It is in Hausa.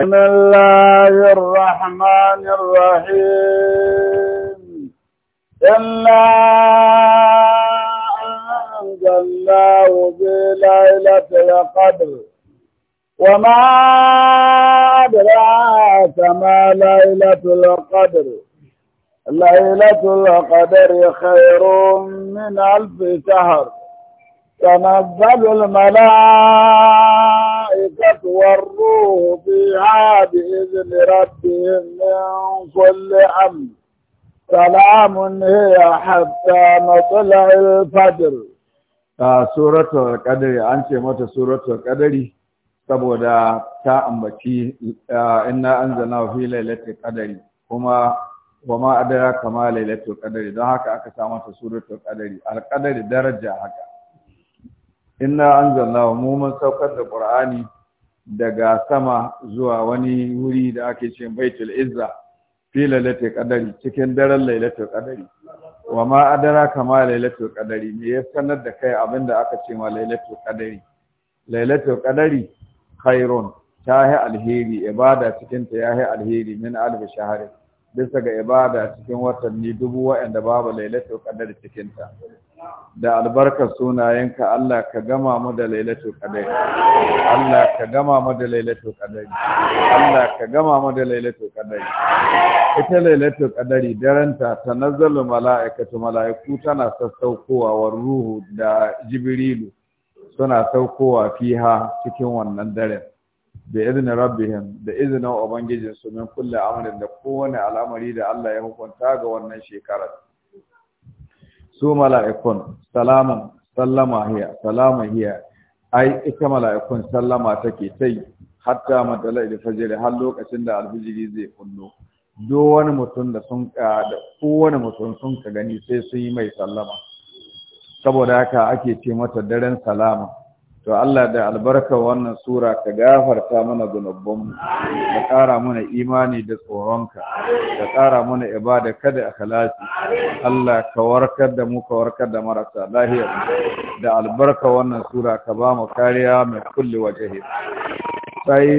بسم الله الرحمن الرحيم إنا أنزلناه في ليلة القدر وما أدراك ما ليلة القدر ليلة القدر خير من ألف شهر تنزل الملائكة وبروه فيها بإذن ربهم من كل أمر سلام هي حتى مطلع الفجر suratul qadari an ce mata suratul qadari saboda ta ambaci inna anzalna fi lailatul qadari kuma wama adara kama lailatul qadari don haka aka sa mata suratul qadari alqadari daraja haka inna anzalna mu mun saukar da ƙur'ani. daga sama zuwa wani wuri da ake ce baitul izza fi lailatul qadari cikin daren lailatul qadari wa ma adara kama lailatul qadari me ya sanar da kai abinda aka ce ma lailatul qadari lailatul qadari khairun ta yi alheri ibada cikin ta ya yi alheri min alf bisa ga ibada cikin watanni dubu waɗanda babu lailatul qadar cikin ta da albarkar sunayenka Allah ka gama mu da lailatul qadar Allah ka gama mu da lailatul qadar Allah ka gama mu da lailatul qadar ita lailatul qadari daranta tanazzalu mala'ikatu mala'iku tana sassaukowa wa ruhu da jibrilu suna saukowa fiha cikin wannan daren da izini rabbihim da izinin ubangijin su min kulli amrin da kowane al'amari da Allah ya hukunta ga wannan shekarar su mala'ikun salaman sallama hiya salama hiya ai ita mala'ikun sallama take tai hatta madala da har lokacin da alfijiri zai kunno do wani mutum da sun da kowane mutum sun ka gani sai sun yi mai sallama saboda haka ake ce mata daren salama to Allah da albarkar wannan sura ka gafarta mana gunubbanmu ka ƙara mana imani da tsoronka ka ƙara mana ibada kada akhlasi Allah ka warkar da mu ka warkar da marasa lahiyar, da albarkar wannan sura ka ba mu kariya mai kulli waje sai